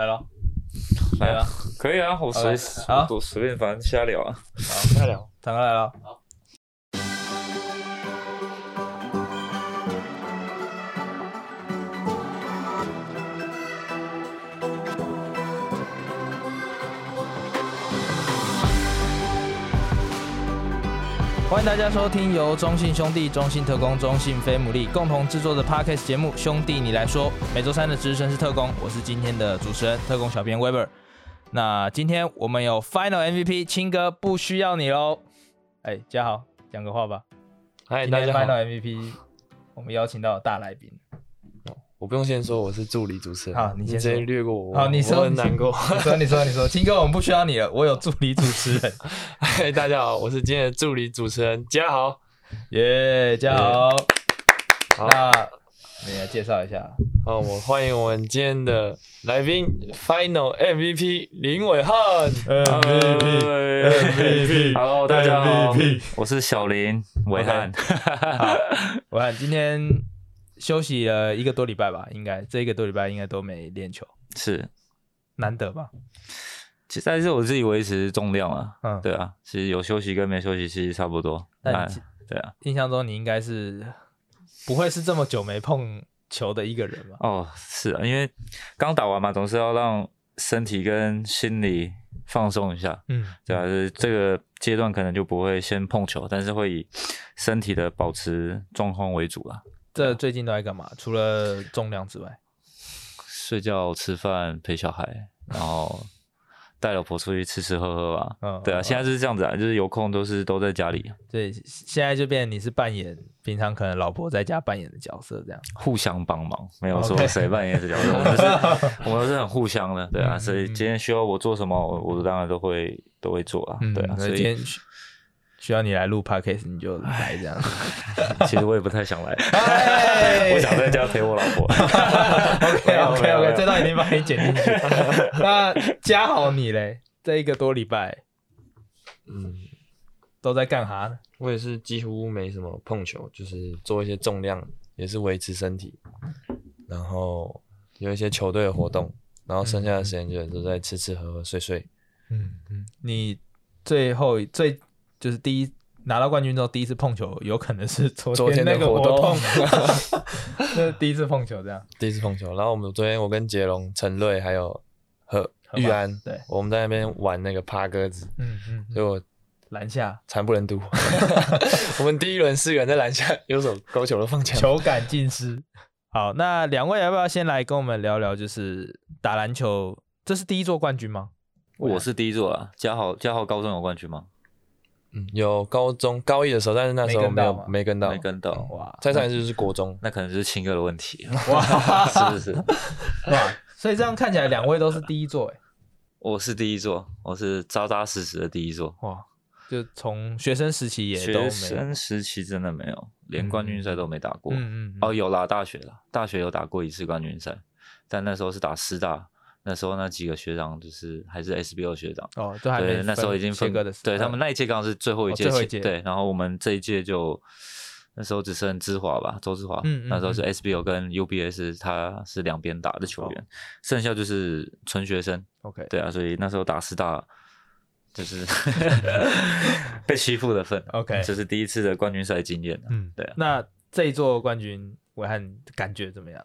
來了，來了，來了可以啊，我隨隨便反正瞎聊啊，好，瞎聊， 們來了。歡迎大家收聽由中信兄弟、中信特攻、中信飛姆力共同製作的 podcast 節目《兄弟，你來說》。每周三的值日生是特攻，我是今天的主持人特攻小編 Weber。那今天我們有 Final MVP 親哥，不需要你嘍。哎、欸，家好，講個話吧。嗨、欸，大家好。今天 Final MVP，我們邀請到大來賓。我不用先說我是助理主持人，好，你先略過我，好，你說，金哥，我們不需要你了，我有助理主持人。嗨，大家好，我是今天的助理主持人，嘉豪，耶，嘉豪。好，你來介紹一下。好，我歡迎我們今天的來賓，Final MVP 林韋翰。MVP，MVP，Hello，大家好，我是小林韋翰。好，韋翰今天。休息了一個多禮拜吧，應該這一個多禮拜應該都沒練球，是難得吧？其實但是我自己維持重量啊，嗯，對啊，其實有休息跟沒休息其實差不多，但你、嗯、對啊，印象中你應該是不會是這麼久沒碰球的一個人吧？哦，是啊，因為剛打完嘛，總是要讓身體跟心理放鬆一下，嗯，對啊，嗯、是這個階段可能就不會先碰球，對但是會以身體的保持狀況為主啦。這最近都在幹嘛？除了重量之外，睡覺、吃飯、陪小孩，然後帶老婆出去吃吃喝喝吧。嗯、哦，對啊，哦哦、現在就是這樣子啊，就是有空都是都在家裡。對，現在就變成你是扮演平常可能老婆在家扮演的角色，這樣互相幫忙，沒有說誰扮演的角色，Okay. 我們、就是， 我們是很互相的。對啊，所以今天需要我做什麼我，我我當然都會都會做啊。嗯、對啊，所以今天。需要你來錄 Podcast，你就來這樣。其實我也不太想來，我想在家陪我老婆。OK OK OK，這段已經把你剪進去。那嘉豪你咧，這一個多禮拜，嗯，都在幹啥呢？我也是幾乎沒什麼碰球，就是做一些重量，也是維持身體，然後有一些球隊的活動，然後剩下的時間就都在吃吃喝喝睡睡。嗯嗯，你最後最。就是第一拿到冠軍之後，第一次碰球有可能是昨天那個活動，這是第一次碰球，這樣第一次碰球。然後我們昨天我跟杰龍、陳瑞還有和玉安，對，我們在那邊玩那個趴鴿子，嗯嗯，結果籃下慘不忍睹。我們第一輪四人在籃下，有什麼高球都放球，球感盡失。好，那兩位要不要先來跟我們聊聊？就是打籃球，這是第一座冠軍嗎？我是第一座啦。嘉豪，嘉豪高中有冠軍嗎？嗯，有高中高一的時候，但是那時候沒有沒跟到，沒跟到、嗯、哇！再上一次是國中那，那可能就是親哥的問題哇， 是是是 哇，哇所以這樣看起來，兩位都是第一座耶、嗯、我是第一座，我是扎扎實實的第一座哇！就從學生時期也都沒有，學生時期真的沒有，連冠軍賽都沒打過。嗯嗯嗯哦，有啦，大學了，大學有打過一次冠軍賽，但那時候是打師大。那時候那幾個學長就是還是 SBO 學長哦，對，那時候已經分割的，對，他們那一屆剛好是最後一屆，哦、一屆對，然後我們這一屆就那時候只剩芝華吧，周志華，嗯嗯、那時候是 SBO 跟 UBS，他是兩邊打的球員，嗯、剩下就是純學生，OK，、哦、對啊，所以那時候打師大就是 Okay. 被欺負的份，OK，這是第一次的冠軍賽經驗、啊，嗯，對、啊，那這一座冠軍，韋翰感覺怎麼樣？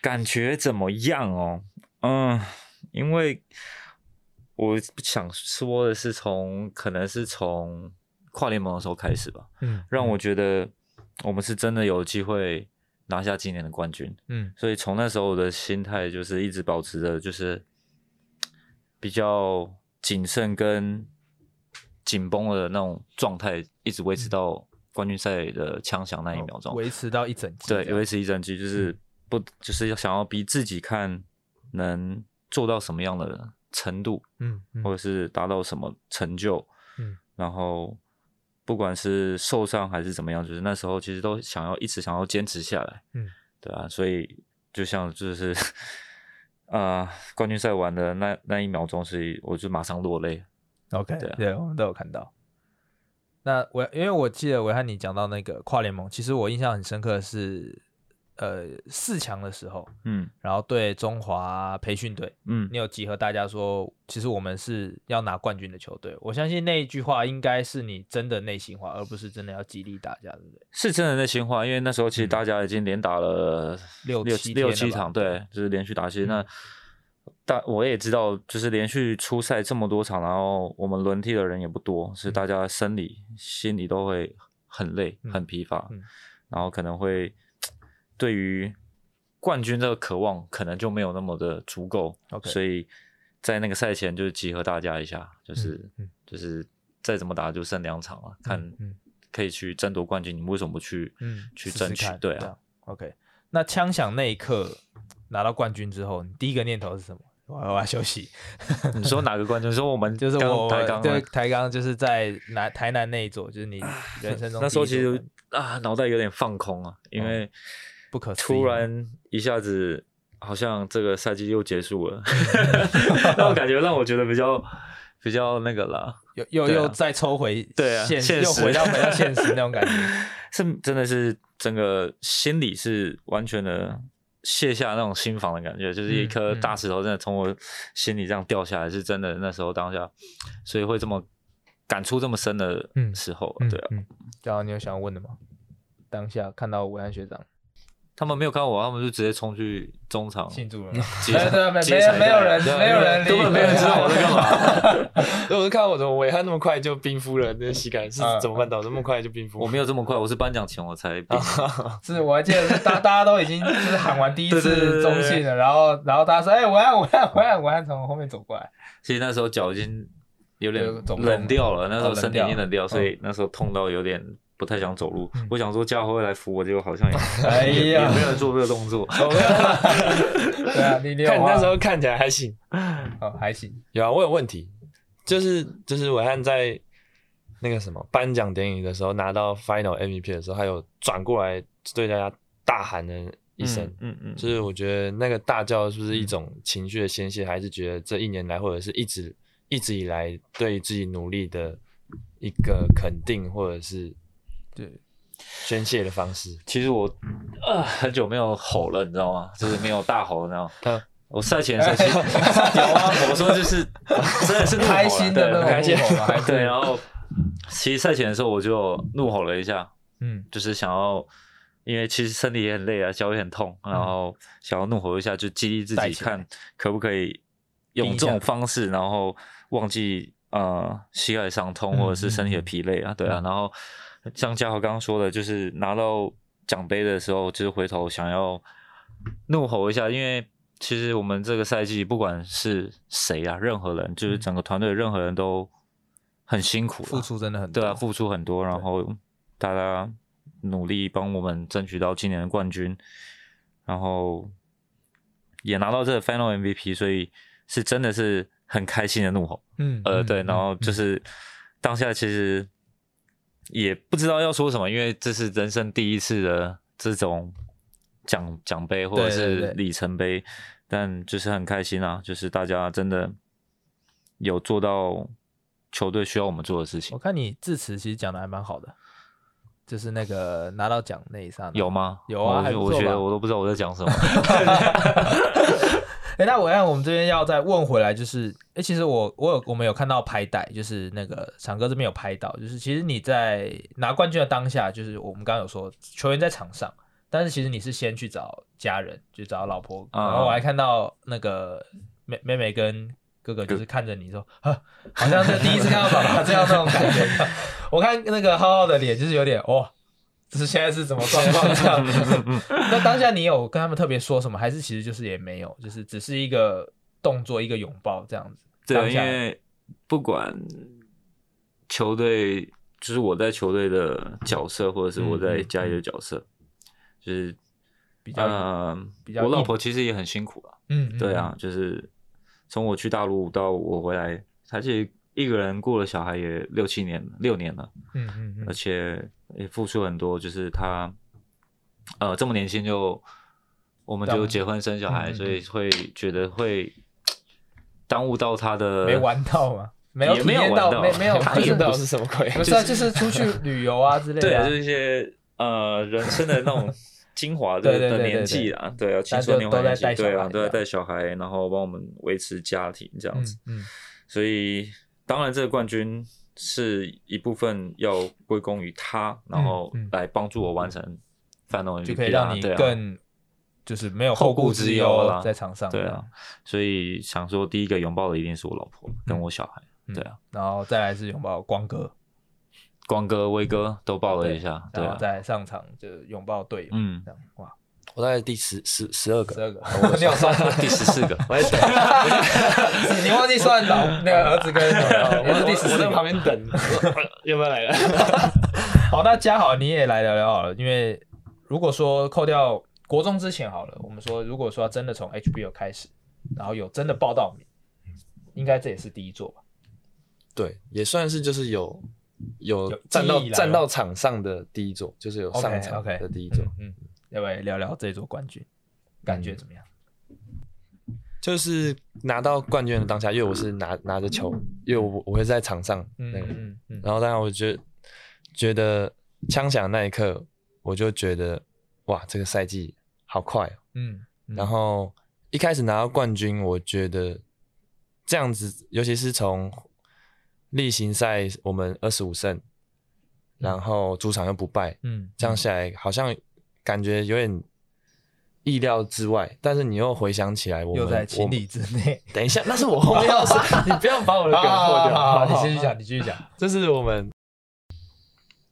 感覺怎麼樣哦？嗯，因為我想說的是，從可能是從跨聯盟的時候開始吧，嗯，嗯，讓我覺得我們是真的有機會拿下今年的冠軍，嗯，所以從那時候我的心態就是一直保持着就是比較謹慎跟緊繃的那種狀態，一直維持到冠軍賽的槍響那一秒鐘，嗯、維持到一整局，對，維持一整局就是不、嗯、就是要想要逼自己看。能做到什麼樣的程度，嗯，嗯或者是達到什麼成就，嗯，然後不管是受傷還是怎麼樣，就是那時候其實都想要一直想要堅持下來，嗯，對啊，所以就像就是，啊， 呃，冠軍賽完的那那一秒鐘，所以我就馬上落淚。OK，對啊，對，我們都有看到。那我因為我記得我和你講到那個跨聯盟，其實我印象很深刻的是。呃，四強的時候，嗯，然後對中華培訓隊，嗯，你有集合大家說，其實我們是要拿冠軍的球隊。我相信那一句話應該是你真的內心話，而不是真的要激勵大家，的對不對？是真的內心話，因為那時候其實大家已經連打了六、嗯、六七六七場，嗯、對，就是連續打。其實、嗯、那大我也知道，就是連續出賽這麼多場，然後我們輪替的人也不多，所以大家生理、嗯、心理都會很累、很疲乏，嗯嗯、然後可能會。對於冠軍這個渴望，可能就沒有那麼的足夠，所以，在那個賽前就集合大家一下，就是就是再怎麼打就剩兩場了，看可以去爭奪冠軍。你們為什麼不去？去爭取？對啊。OK，那槍響那一刻拿到冠軍之後，你第一個念頭是什麼？我要休息。你說哪個冠軍？說我們就是我，對，台鋼，就是在南台南那一座，就是你人生中那時候其實啊，腦袋有點放空啊，因為。不可突然一下子，好像這個賽季又結束了， 那種感覺讓我覺得比較比較那個了，又又、啊、又再抽回現，對、啊、現實，又回到回到現實那種感覺， 是真的是整個心理是完全的卸下那種心防的感覺，嗯、就是一顆大石頭真的從我心裡這樣掉下來，是真的。嗯、那時候當下，所以會這麼感觸這麼深的時候、啊，對啊，然後、嗯嗯、你有想要問的嗎？當下看到韋翰學長。他們沒有看我，他們就直接衝去中場慶祝了。沒有，沒有，沒有人，沒有人，根本沒有人知道我在幹嘛。哈哈哈哈，如果是看我怎麼韋翰那麼快就冰敷了，那膝蓋是怎麼辦到這麼快就冰敷？我沒有這麼快，我是頒獎前我才冰敷。是，我還記得大大家都已經就是喊完第一次中信了，然後然後大家說：“哎，韋翰，韋翰，韋翰，韋翰從後面走過來。”所以那時候腳已經有點冷掉了，那時候身體已經冷掉，所以那時候痛到有點。不太想走路，嗯、我想說叫後衛來扶我，結果好像也， 也，也沒有做這個動作。對啊， 看那時候看起來還行，哦，還行。有啊，我有問題，就是就是韋翰在，在那個什麼頒獎典禮的時候拿到 Final MVP 的時候，還有轉過來對大家大喊了一聲、嗯，嗯嗯，就是我覺得那個大叫是不是一種情緒的宣泄，嗯、還是覺得這一年來或者是一直一直以來對自己努力的一個肯定，或者是？對，宣洩的方式。其實我呃很久沒有吼了，你知道嗎？就是沒有大吼那種。我賽前的時候有啊，我說就是真的是開心的，開心。對，然後其實賽前的時候我就怒吼了一下，嗯，就是想要，因為其實身體也很累啊，腳也很痛，然後想要怒吼一下，就激勵自己，看可不可以用這種方式，然後忘記呃膝蓋傷痛或者是身體的疲累啊，對啊，然後。像嘉豪剛剛說的，就是拿到獎杯的時候，就是回頭想要怒吼一下，因為其實我們這個賽季不管是誰啊，任何人，就是整個團隊任何人都很辛苦，付出真的很，對啊，付出很多，然後大家努力幫我們爭取到今年的冠軍，然後也拿到這個 Final MVP，所以是真的是很開心的怒吼，嗯，嗯，呃，對，然後就是當下其實。也不知道要說什麼，因為這是人生第一次的這種獎獎杯或者是里程碑，對對對，但就是很開心啊，就是大家真的有做到球隊需要我們做的事情。我看你致辭其實講的還蠻好的，就是那個拿到獎那一剎那有嗎？有嗎？有啊，我，還我覺得我都不知道我在講什麼。 哎、欸，那我按我們這邊要再問回來，就是，哎、欸，其實我我有我們有看到拍帶，就是那個長哥這邊有拍到，就是其實你在拿冠軍的當下，就是我們剛剛有說球員在場上，但是其實你是先去找家人，去找老婆，然後我還看到那個妹妹妹跟哥哥就是看着你說，呵，好像是第一次看到爸爸這樣那種感覺， 我看那個浩浩的臉就是有點哇。哦只是現在是怎麼狀況這樣？那 當下你有跟他們特別說什麼，還是其實就是也沒有，就是只是一個動作，一個擁抱這樣子。對、啊，當下。因為不管球隊，就是我在球隊的角色，或者是我在家裡的角色，嗯嗯就是比較，呃、比較。我老婆其實也很辛苦了。嗯，嗯，嗯，對啊，就是從我去大陸到我回來，她其實。一個人過了小孩也六七年了，六年了，嗯嗯，而且也付出很多。就是他，呃，這麼年輕就，我們就結婚生小孩，所以會覺得會耽誤到他的，沒玩到嘛，沒有沒有到，沒沒有，他也不知道是什麼鬼，不是就是出去旅遊啊之類的，對啊，就是一些呃人生的那種精華的年紀啊，對啊，青春年華對啊，都在帶小孩，然後幫我們維持家庭這樣子，嗯，所以。當然，這個冠軍是一部分要歸功於他，然後來幫助我完成 FMVP，就可以讓你更就是沒有後顧之憂了，在場上。對啊，所以想說第一個擁抱的一定是我老婆跟我小孩，對啊，然後再來是擁抱光哥，光哥、威哥都抱了一下，然後再上場就擁抱隊友，嗯，哇。我大概第十十十二個，十二個。我沒有算，第十四個。我在等，你忘記算到那個兒子跟我第十，在旁邊等，有沒有來了？好，那嘉豪，你也來聊聊好了。因為如果說扣掉國中之前好了，我們說如果說真的從 HBL 開始，然後有真的報到名，應該這也是第一座吧？對，也算是就是有有站到站到場上的第一座，就是有上場的第一座，嗯。要不要聊聊這一座冠軍，感覺怎麼樣？就是拿到冠軍的當下，因為我是拿拿着球，因為我我會在場上，嗯嗯嗯。然後當然，我就覺得覺得槍響的那一刻，我就覺得哇，這個賽季好快，嗯。嗯然後一開始拿到冠軍，我覺得這樣子，尤其是從例行賽我們二十五勝，嗯、然後主場又不敗，嗯，這樣下來好像。感覺有點意料之外，但是你又回想起來，我們又在情理之內。我 等一下，那是我後面要說， 你不要把我的梗破掉。你繼續講，你繼續講，這是我們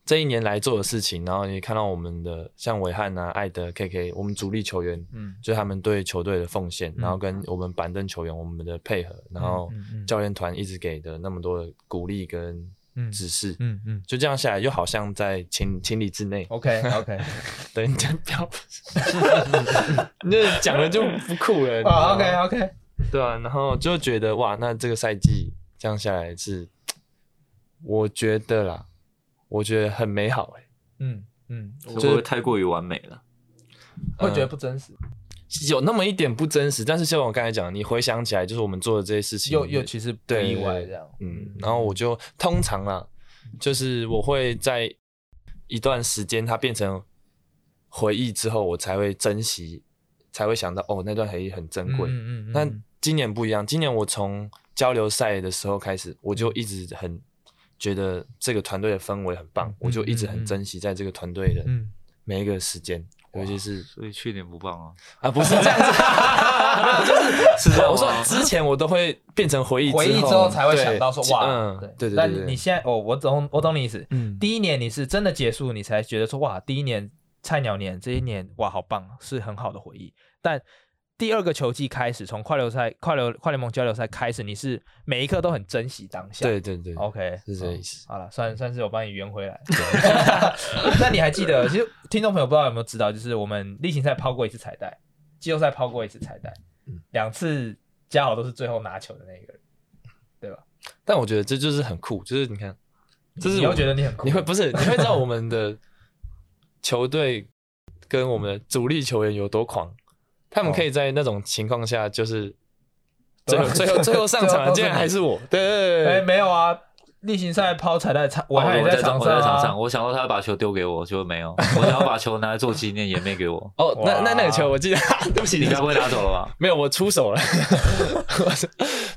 這一年來做的事情。然後你看到我們的像韋翰啊、艾德、K K，我們主力球員，嗯，就是他們對球隊的奉獻，嗯、然後跟我們板凳球員我們的配合，然後教練團一直給的那麼多的鼓勵跟。嗯，只是，嗯嗯，嗯嗯，就這樣下來，又好像在情理情理之內。OK OK，等於講掉，那講的就不酷了。Oh, OK OK，對啊，然後就覺得哇，那這個賽季這樣下來是，我覺得啦，我覺得很美好哎、欸嗯。嗯嗯，就是、會不會太過於完美了？嗯、會覺得不真實。有那麼一點不真實，但是像我剛才講，你回想起來，就是我們做的這些事情，又又其實不意外的這樣。嗯，然後我就通常啦，嗯、就是我會在一段時間它變成回憶之後，我才會珍惜，才會想到哦，那段回憶很珍貴、嗯。嗯嗯嗯。那今年不一樣，今年我從交流賽的時候開始，我就一直很覺得這個團隊的氛圍很棒，嗯嗯嗯、我就一直很珍惜在這個團隊的每一個時間。尤其是，所以去年不棒啊。啊不是這樣子， 有有就是 是的，我說之前我都會變成回憶之後，回憶之後才會想到說對哇對、嗯，對對對，對。但你現在哦，我懂我懂你意思。嗯，第一年你是真的結束，你才覺得說哇，第一年菜鳥年，這一年哇好棒，是很好的回憶。但第二個球季開始，從快流賽、快流、跨聯盟交流賽開始，你是每一刻都很珍惜當下。對對對，OK，是這個意思。哦、好了，算算是我幫你圓回來。那你還記得，其實聽眾朋友不知道有沒有知道，就是我們例行賽拋過一次彩帶，季後賽拋過一次彩帶，兩、嗯、次加好都是最後拿球的那個人，對吧？但我覺得這就是很酷，就是你看，就是你會覺得你很酷，你會不是你會知道我們的球隊跟我們的主力球員有多狂。他們可以在那種情況下，就是最最後最後上場的，竟然還是我。對對對，哎，沒有啊，例行賽拋彩帶場，我還在，在場上，我在場上。我想說他把球丟給我，就沒有。我想要把球拿來做紀念，也沒給我。哦，那那那個球我記得，對不起，你該不會拿走了吧？ 沒有，我出手了。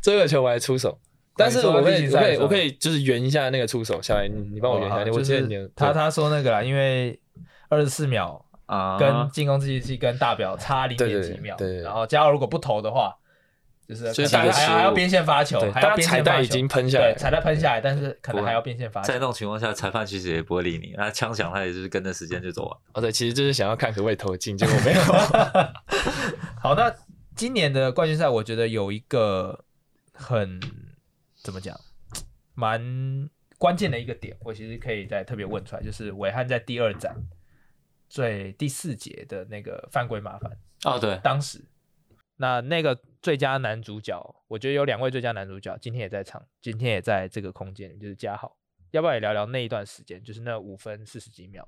這個球我還出手，但是我可以我可以，我可以就是圓一下那個出手。下來你幫我圓一下。我、哦就是、他，他他說那個啦，因為二十四秒。啊，跟進攻計時器跟大表差零點幾秒，對對，然後加上如果不投的話，就是還還要邊線發球，15, 還要邊線發球，彩帶已經噴下來，彩帶噴下來，但是可能還要邊線發球。在這種情況下，裁判其實也不會理你，那槍響他也就是跟着時間就走完，啊。哦對，其實就是想要看可不可以投進， 結果沒有。 好，那今年的冠軍賽，我覺得有一個很怎麼講，蠻關鍵的一個點，我其實可以再特別問出來，嗯、就是韋翰在第二戰。最第四節的那個犯規麻煩哦，對，當時那那個最佳男主角，我覺得有兩位最佳男主角，今天也在場，今天也在這個空間就是嘉豪，要不要也聊聊那一段時間，就是那五分四十幾秒，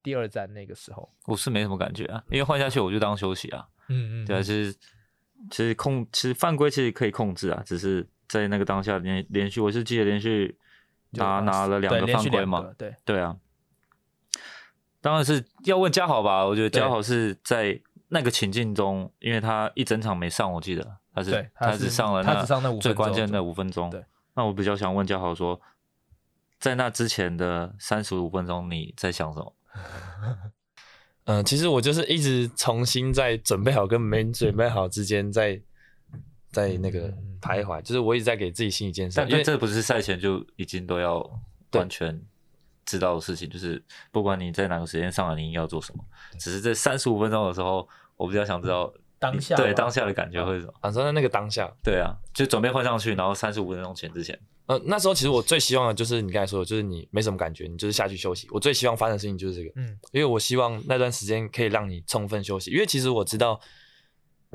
第二站那個時候，我是沒什麼感覺啊，因為換下去我就當休息啊，嗯，嗯嗯，對啊，其實其實控其實犯規其實可以控制啊，只是在那個當下連續連續，我是記得連續拿拿，拿了兩個犯規嘛，對對，對啊。當然是要問嘉豪吧，我覺得嘉豪是在那個情境中，對因為他一整場沒上，我記得他是他，是他只上了那五分最關鍵的那五分鐘。對那我比較想問嘉豪說，在那之前的三十五分鐘你在想什麼？嗯，其實我就是一直重新在準備好跟沒準備好之間在在那個徘徊，就是我一直在給自己心理建設，因為但這不是賽前就已經都要完全。知道的事情就是，不管你在哪個時間上來，你一定要做什麼，對只是在三十五分鐘的時候，我比較想知道、嗯、當下對當下的感覺會是什麼？反正在那個當下。對啊，就準備換上去，然後三十五分鐘前之前。呃，那時候其實我最希望的就是你剛才說的，就是你沒什麼感覺，你就是下去休息。我最希望發生的事情就是這個，嗯，因為我希望那段時間可以讓你充分休息，因為其實我知道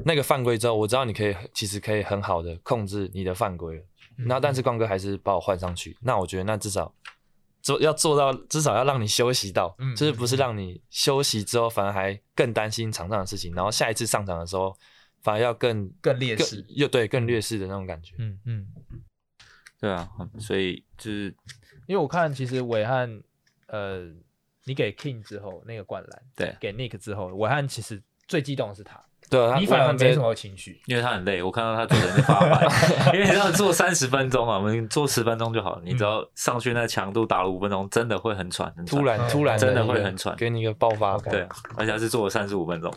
那個犯規之後，我知道你可以其實可以很好的控制你的犯規那，嗯、但是光哥還是把我換上去，那我覺得那至少。做要做到至少要讓你休息到，嗯、就是不是讓你休息之後反而還更擔心場上的事情，然後下一次上場的時候反而要更更劣勢，又對更劣勢的那種感覺。嗯嗯，嗯對啊，所以就是因為我看其實韋翰，呃，你給 King 之後那個灌籃，對，給 Nick 之後韋翰其實最激動的是他。對啊，你反而沒什麼情緒，因為他很累。我看到他整個人發白。因為你要坐三十分鐘啊，我們坐十分鐘就好了。你只要上去那強度打了五分鐘，真的會很喘。突然，突然，真的會很喘，給你一個爆發感。對，而且他是坐了三十五分鐘。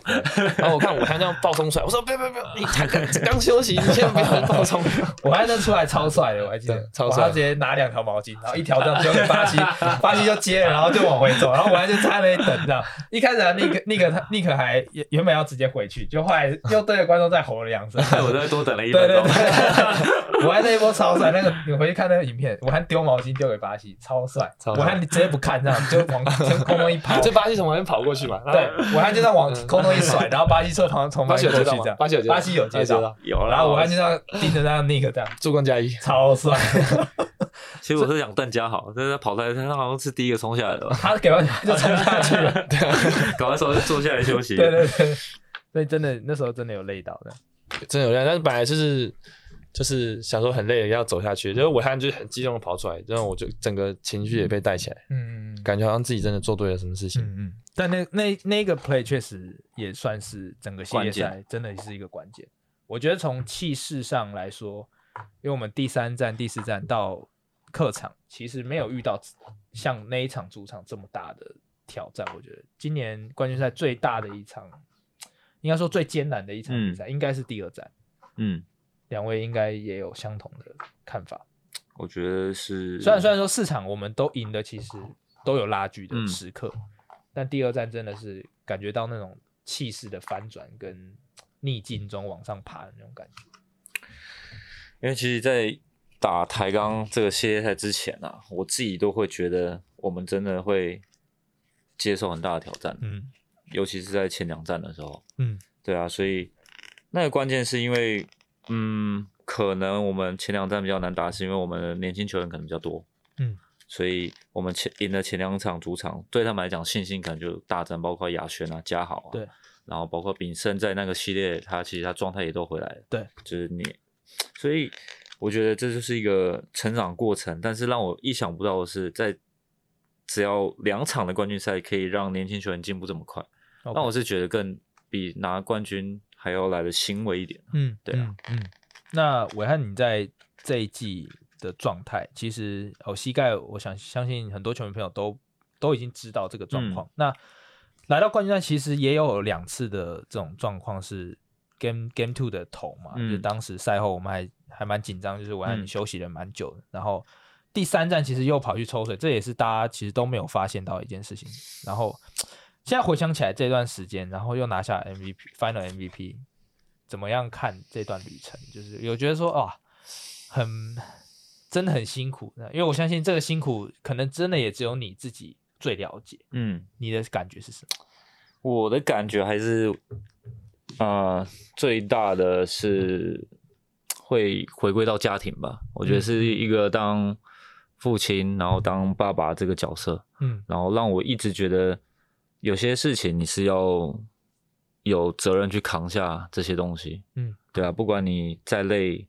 然後我看我還這樣爆衝出來，我說別別別，你才剛休息，你先不要爆衝。我還能出來超帥的，我還記得超帥。直接拿兩條毛巾，然後一條這樣交給巴西，巴西就接了，然後就往回走。然後我還就站在那等，這一開始尼克尼克他尼克還原本要直接回去就。又對着觀眾在吼了兩聲，我再多等了一分鐘。韋翰那一波超帥，那個你回去看那個影片，韋翰丟毛巾丟給巴西，超帥。韋翰你直接不看，這樣就往空中一拍。這巴西從旁邊跑過去嘛？對，韋翰就這樣往空中一甩，然後巴西車旁從旁邊過去這樣，巴西有接到，巴西有，巴西有接到然後韋翰就這樣盯著那個 Nick 這樣助攻加一，超帥。其實我是想鄧嘉豪，但是跑台他好像是第一個衝下來的，他給完就衝下去了，搞完之後就坐下來休息。對對對。所以真的，那時候真的有累到的，真的有累。但是本來就是，就是想說很累，要走下去。就是我他就很激動的跑出來，然後我就整個情緒也被帶起來，嗯嗯嗯，感覺好像自己真的做對了什麼事情。嗯嗯。但那那那個 play 確實也算是整個系列賽真的是一個關鍵。關鍵。我覺得從氣勢上來說，因為我們第三站、第四站到客場，其實沒有遇到像那一場主場這麼大的挑戰。我覺得今年冠軍賽最大的一場。應該說最艱難的一場比賽、嗯、應該是第二戰，嗯，兩位應該也有相同的看法。我覺得是，雖然雖然說四場我們都贏的，其實都有拉鋸的時刻，嗯、但第二戰真的是感覺到那種氣勢的翻轉跟逆境中往上爬的那種感覺。因為其實，在打台鋼這個系列賽之前啊，我自己都會覺得我們真的會接受很大的挑戰，嗯。尤其是在前兩戰的時候，嗯，對啊，所以那個關鍵是因為，嗯，可能我們前兩戰比較難打，是因為我們年輕球員可能比較多，嗯，所以我們前贏了前兩場主場，對他們來講信心可能就大增，包括亞軒啊、嘉豪啊，對，然後包括丙勝在那個系列，他其實他狀態也都回來了，對，就是你，所以我覺得這就是一個成長過程，但是讓我意想不到的是，在只要兩場的冠軍賽可以讓年輕球員進步這麼快。那 Okay. 我是覺得更比拿冠軍還要來的欣慰一點。嗯，對啊嗯。嗯，那韋翰你在這一季的狀態，其實哦，膝蓋，我想相信很多球迷朋友都都已經知道這個狀況。嗯、那來到冠軍賽，其實也有兩次的這種狀況是 game game two 的頭嘛，嗯、就是當時賽後我們還還蠻緊張，就是韋翰你休息了蠻久的，嗯、然後第三站其實又跑去抽水，這也是大家其實都沒有發現到一件事情，然後。現在回想起來這段時間，然後又拿下 MVP，Final MVP，怎麼樣看這段旅程？就是有覺得說啊，哦，很，真的很辛苦，因為我相信這個辛苦可能真的也只有你自己最了解。嗯，你的感覺是什麼？我的感覺還是，啊，呃，最大的是會回歸到家庭吧。我覺得是一個當父親，然後當爸爸這個角色。嗯，然後讓我一直覺得。有些事情你是要有責任去扛下這些東西，嗯，對啊，不管你再累，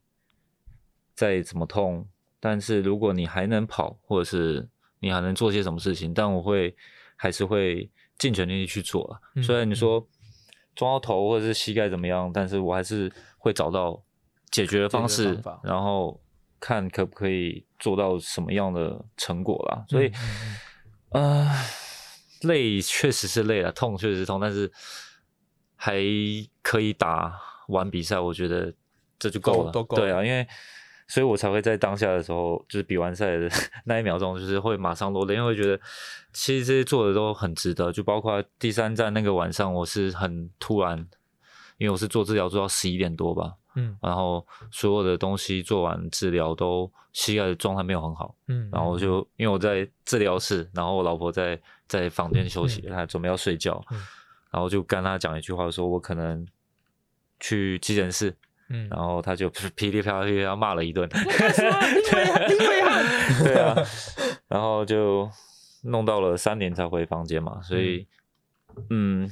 再怎麼痛，但是如果你還能跑，或者是你還能做些什麼事情，但我會還是會盡全力去做了。雖然你說撞到頭或者是膝蓋怎麼樣，但是我還是會找到解決的方式，方然後看可不可以做到什麼樣的成果啦。所以，嗯，嗯，嗯。呃累確實是累了，痛確實是痛，但是還可以打完比賽，我覺得這就夠了，都夠了，對啊，因為所以我才會在當下的時候，就是比完賽的那一秒鐘，就是會馬上落淚，因為覺得其實這些做的都很值得，就包括第三站那個晚上，我是很突然，因為我是做治療做到十一點多吧。嗯，然後所有的東西做完治療，都膝蓋的狀態沒有很好。嗯，然後就因為我在治療室，然後我老婆在在房間休息，嗯、她準備要睡覺。嗯、然後就跟她講一句話說，說我可能去急診室。嗯，然後她就噼裡啪啦噼裡啪啦罵了一頓， 對啊，然後就弄到了三點才回房間嘛，所以嗯，嗯，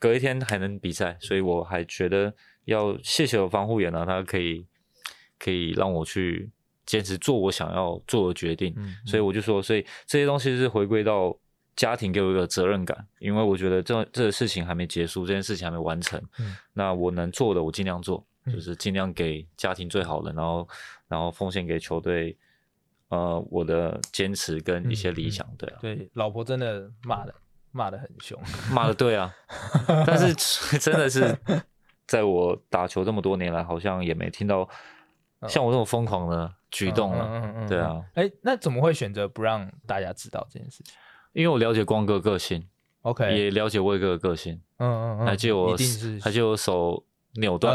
隔一天還能比賽，所以我還覺得。要謝謝我防護員呢，他可以可以讓我去堅持做我想要做的決定，嗯嗯，所以我就說，所以這些東西是回歸到家庭給我一個責任感，因為我覺得這這個事情還沒結束，這件事情還沒完成，嗯、那我能做的我盡量做，就是盡量給家庭最好的，嗯、然後然後奉獻給球隊，呃，我的堅持跟一些理想，嗯嗯，對啊，對，老婆真的罵的罵的很凶，罵的，對啊， 但是真的是。 在我打球這麼多年來，好像也沒聽到像我這種瘋狂的舉動了。嗯嗯嗯嗯嗯對啊，哎、欸，那怎麼會選擇不讓大家知道這件事情？因為我了解光哥個性，OK，也了解魏哥的個性。嗯嗯嗯，他就我，他就手扭斷、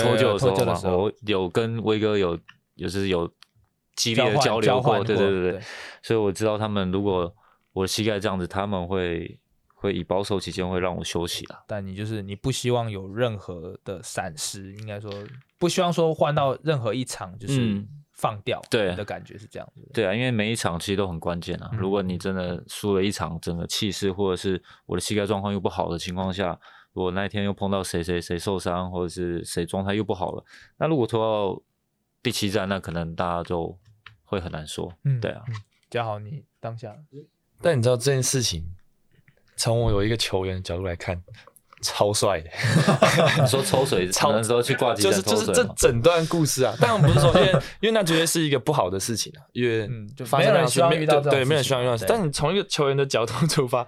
脫臼，呃的、啊、的時候，我有跟魏哥有，有就是有激烈的交流過。過對對對對，對所以我知道他們，如果我膝蓋這樣子，他們會。會以保守期間會讓我休息啊。但你就是你不希望有任何的閃失，應該說不希望說換到任何一場就是放掉對、嗯、你的感覺是這樣子。對啊，對吧，因為每一場其實都很關鍵啊。嗯、如果你真的輸了一場，整個氣勢或者是我的膝蓋狀況又不好的情況下，如果那一天又碰到誰誰誰受傷，或者是誰狀態又不好了，那如果拖到第七戰，那可能大家就會很難說。嗯，對啊、嗯，加好你當下。但你知道這件事情。從我有一個球員的角度來看，超帥的， 你說抽水，抽完之後去掛機， 就是就是這整段故事啊。當然 不是說因為， 因為那絕對是一個不好的事情啊。因為就沒有人需要、嗯、對，沒有對對人需要遇到。對但你從一個球員的角度出發，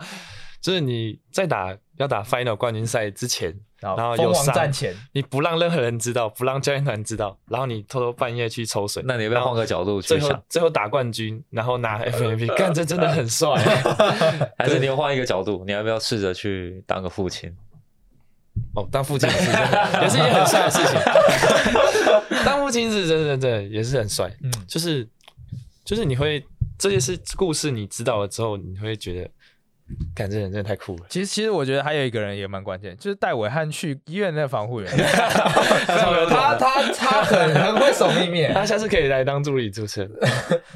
就是你在打。要打 Final 冠軍賽之前，好然後有狂賺錢，你不讓任何人知道，不讓教練團知道，然後你偷偷半夜去抽水。那你要不要換個角度去想？然後最後，最後打冠軍，然後拿 FMVP，幹，這真的很帥。還是你要換一個角度，你要不要試着去當個父親？哦， 當父親是，也是一件很帥的事情。 當父親是，真的，對，也是很帥、嗯就是。就是就是，你會這些是故事，你知道了之後，你會覺得。感覺人真的太酷了。其實，其實我覺得還有一個人也蠻關鍵，就是帶韋翰去醫院那防護員。 他 他他,他,他很很會守秘密， 他下次可以來當助理主持人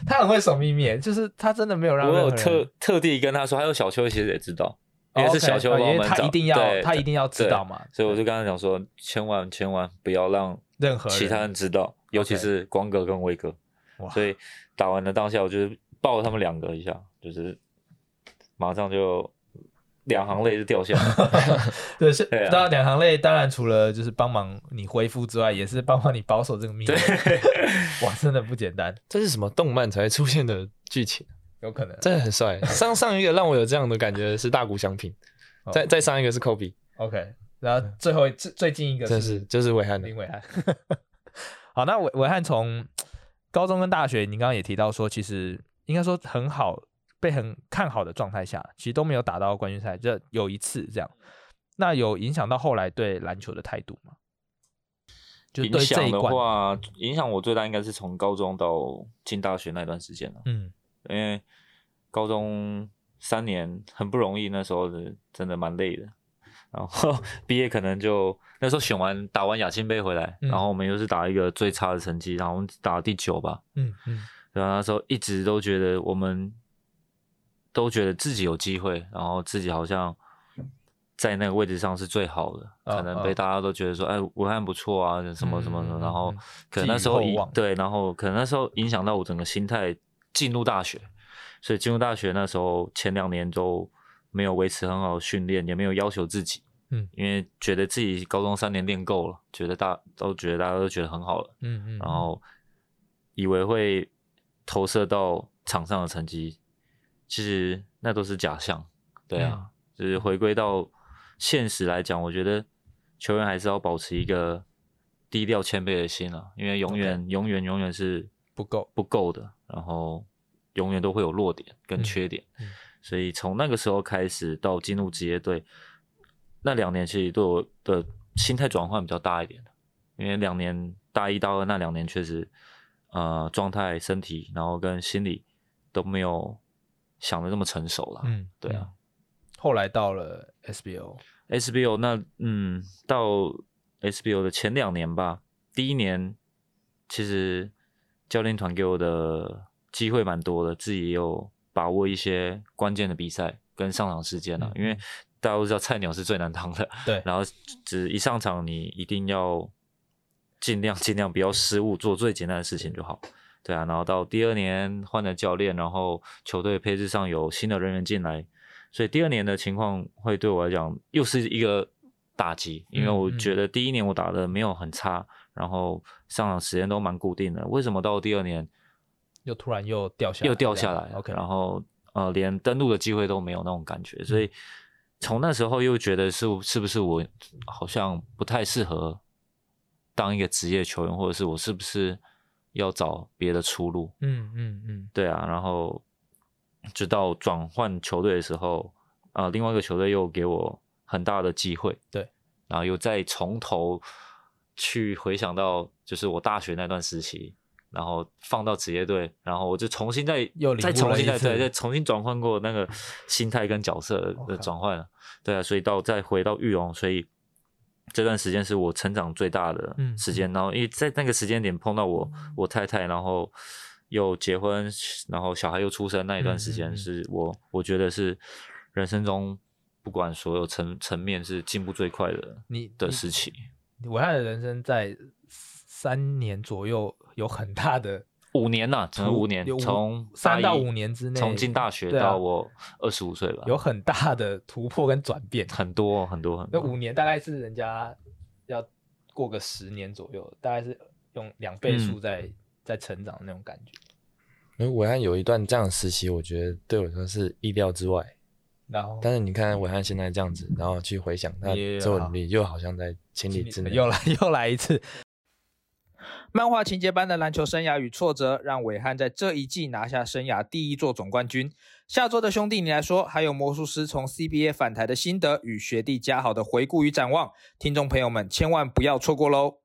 他很會守秘密，就是他真的沒有讓。我有特特地跟他說，還有小邱其實也知道，因為是小邱幫我們找。對，他一定要知道嘛。所以我就剛才講說，千萬千萬不要讓任何其他人知道，尤其是光哥跟威哥。哇所以打完的當下，我就是抱了他們兩個一下，就是。馬上就兩行淚就掉下來， 對， 對啊，是到然兩行淚，當然除了就是幫忙你恢復之外，也是幫忙你保守這個秘密。對 哇，真的不簡單，這是什麼動漫才出現的劇情？有可能，真的很帥。上上一個讓我有這樣的感覺是大谷翔平， 再再上一個是 Kobe OK，然後最後最 最近一個是，偉這是就是韋翰的林韋翰。偉漢 好，那韋韋翰從高中跟大學，您剛剛也提到說，其實應該說很好。被很看好的狀態下，其實都沒有打到冠軍賽，這有一次這樣，那有影響到後來對籃球的態度嗎？就對這一影響的話，嗯、影響我最大應該是從高中到進大學那段時間了。嗯，因為高中三年很不容易，那時候是真的蠻累的。然後畢 業可能就那時候選完打完亞青杯回來，嗯、然後我們又是打一個最差的成績，然後打第九吧。嗯嗯，然後那時候一直都覺得我們。都覺得自己有機會，然後自己好像在那個位置上是最好的，oh, 可能被大家都覺得說，oh. 哎，韋翰不錯啊，什麼什麼的。嗯、然後可能那時候對，然後可能那時候影響到我整個心態進入大學，所以進入大學那時候前兩年都沒有維持很好的訓練，也沒有要求自己，嗯，因為覺得自己高中三年練夠了，覺得大都覺得大家都覺得很好了，嗯嗯，嗯然後以為會投射到場上的成績。其實那都是假象，對啊，嗯、就是回歸到現實來講，我覺得球員還是要保持一個低調謙卑的心啊，因為永遠、嗯、永遠永遠是不夠不夠的，夠然後永遠都會有弱點跟缺點，嗯嗯、所以從那個時候開始到進入職業隊那兩年，其實對我的心態轉換比較大一點，因為兩年大一大二那兩年確實，呃，狀態、身體，然後跟心理都沒有。想的這麼成熟了，嗯，對啊。後來到了 SBO，SBO 那嗯，到 SBO 的前兩年吧，第一年其實教練團給我的機會蠻多的，自己也有把握一些關鍵的比賽跟上場時間了。嗯，因為大家都知道菜鳥是最難當的，對。然後只一上場，你一定要盡量盡量不要失誤，嗯，做最簡單的事情就好。對啊，然後到第二年換了教練，然後球隊配置上有新的人員進來，所以第二年的情況會對我來講又是一個打擊，因為我覺得第一年我打的沒有很差，嗯、然後上場時間都蠻固定的，為什麼到第二年又，又突然又掉下來，又掉下來、對啊、OK，然後呃，連登錄的機會都沒有那種感覺，所以從那時候又覺得是是不是我好像不太適合當一個職業球員，或者是我是不是要找別的出路，嗯嗯嗯，嗯嗯對啊，然後直到轉換球隊的時候，啊、呃，另外一個球隊又給我很大的機會，對，然後又再從頭去回想到，就是我大學那段時期，然後放到職業隊，然後我就重新再又一再重新再對再重新轉換過那個心態跟角色的轉換、哦、對啊，所以到再回到裕隆，所以。這段時間是我成長最大的時間，嗯、然後因為在那個時間點碰到我、嗯、我太太，然後又結婚，然後小孩又出生那一段時間，是我、嗯嗯嗯、我覺得是人生中不管所有層層面是進步最快的你的時期。韋翰的人生在三年左右有很大的。五年吶、啊，從五年，從三到五年之內，從進大學到我二十五歲吧、啊，有很大的突破跟轉變很，很多很多。那五年大概是人家要過個十年左右，大概是用兩倍數在、嗯、在成長那種感覺。為韋翰有一段這樣的時期，我覺得對我來說是意料之外。然後，但是你看韋翰現在這樣子，然後去回想他之、嗯、後努力，好像在情理之內又來又來一次。漫畫情節般的籃球生涯與挫折，讓韋翰在這一季拿下生涯第一座總冠軍。下周的兄弟，你來說，還有魔術師從 CBA 返台的心得與學弟嘉豪的回顧與展望，聽眾朋友們千萬不要錯過嘍！